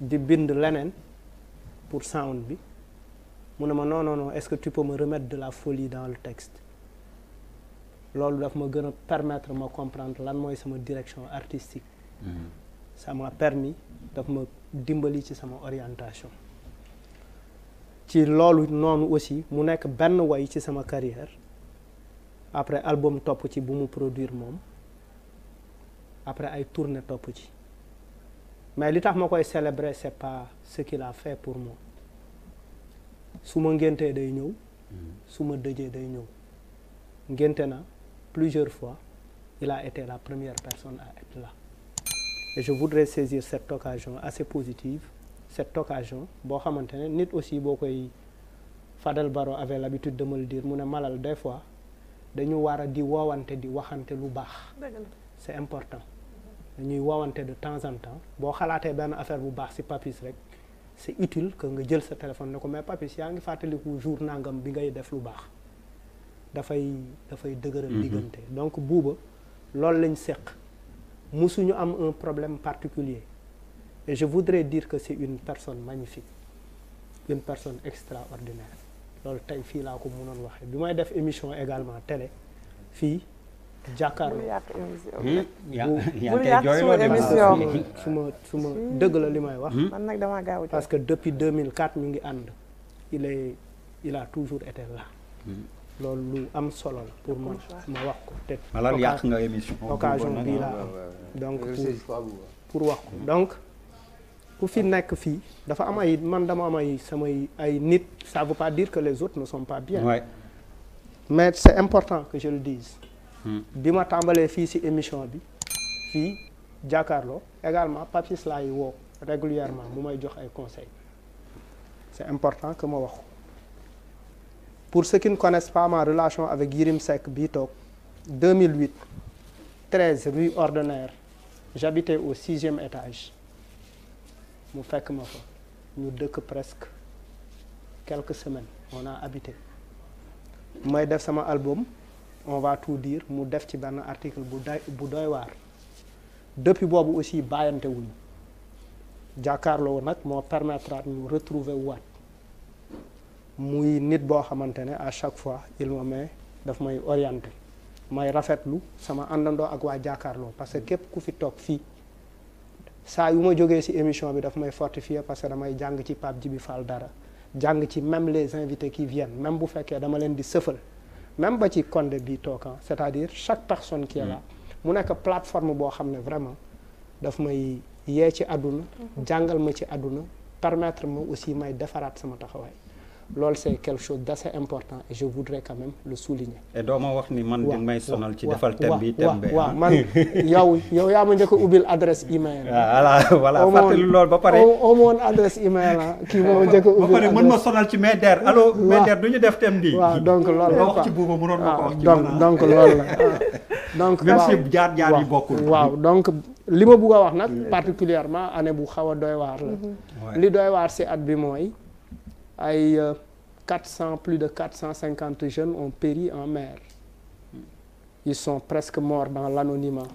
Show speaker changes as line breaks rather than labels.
di bind leneen pour sound bi mu ne ma non non non est-ce que tu peux ma remettre de la folie dans le texte loolu daf ma gën a permettre ma comprendre lan mooy sama direction artistique. sama mm-hmm. m'a permis daf ma dimbali ci sama orientation. ci loolu noonu aussi mu nekk benn way ci sama carrière après album topp ci bu mu produire moom après ay tournée topp ci. mais li tax ma koy célébrer c'est pas ce qu'il a fait pour moi su ma ngéntee day ñëw mm-hmm. su ma dëjee day ñëw ngénte na plusieurs fois il a été la première personne à être là et je voudrais saisir cette occasion assez positive cette occasion boo xamante ne nit aussi boo koy Fadel Barro avait l'habitude de me le dire mu ne malal des fois dañu war a di woowante di waxante lu baax c'est important dañuy woowante de temps en temps boo xalaatee benn affaire bu baax ci papis rek si utile que nga jël sa téléphone ne ko mais papis yaa ngi fàttaliku jour nangam bi ngay def lu baax dafay dafay dëgëral mhm. diggante donc buuba loolu lañ seq musuñu am un problème particulier je voudrais dire que c'est une personne magnifique une personne extraordinaire loolu tey fii laa ko mënoon waxee bi may def émission également télé fii jàkkaarloo hmm? bu yàq suma émission suma suma dëgg la li may wax. Hmm? man nag damaa gaaw parce que depuis 2004 ñu ngi ànd il est il a toujours été là. Hmm. loolu am solo la pour ma ma wax ko te. malal yàq nga émission. occasion bii laa donc pour wax ko donc. ku fi nekk fii dafa am ay man dama am ay samay ay nit ça veut pas dire que les autres ne sont pas bien. mais c'est important que je le dise. bi ma tàmbalee fii si émission bi fii jàkkaarloo également Papis laay woo régulièrement mu may jox ay conseils c'est important que ma wax ko pour ceux qui ne connaissent pas ma relation avec Yirim Seck bii toog 2008 13 rue Ordinaire j'habitais au sixième étage mu fekk ma ko ñu dëkk presque quelque semaine on a habité may def sama album on va tout diir mu def ci benn article bu doy bu doy waar depuis boobu aussi bàyyante wuñu jàkkaarloo nag moo permettre ñu retrouver waat muy nit boo xamante ne à chaque fois il me met daf may orienté may rafetlu sama àndandoo ak waa jàkkaarloo parce que képp ku fi toog fii saa yu ma jógee ci émission bi daf may fortifier parce que damay jàng ci Pape Djibi Fall dara jàng ci même les invités qui viennent même bu fekkee dama leen di sëfal même ba ci Condé bi tookan c'est-à-dire chaque personne qui est mm. mu nekk plateforme boo xam ne vraiment daf may yee ci àdduna mm-hmm. jàngal ma ci àdduna permettre ma aussi may defaraat sama taxawaay loolu c' est quelque chose d' assez important et je voudrais quand même le souligner. et doo wax ni man. waaw may sonal ci defal thème bi thème bi waaw ah. man yow yow yaa ma a ubbil adresse e-mail. Ah, voilà voilà fàttali loolu ba pare. au ah, moo ma njëkk a ubbil adresse ma sonal ci MEDER allo. MEDER du ñu def thème bi. waaw donc loolu la quoi wax ci boobu mënoon donc donc jaar jaar bokkul. waaw donc li ma bugg a wax nag. Mm. particulièrement année bu xaw a doy waar la. Mm-hmm. li doy waar si at bi mooy. ay euh, quatre cent plus de quatre cent cinquante jeunes ont péri en mer ils sont presque morts dans l'anonymat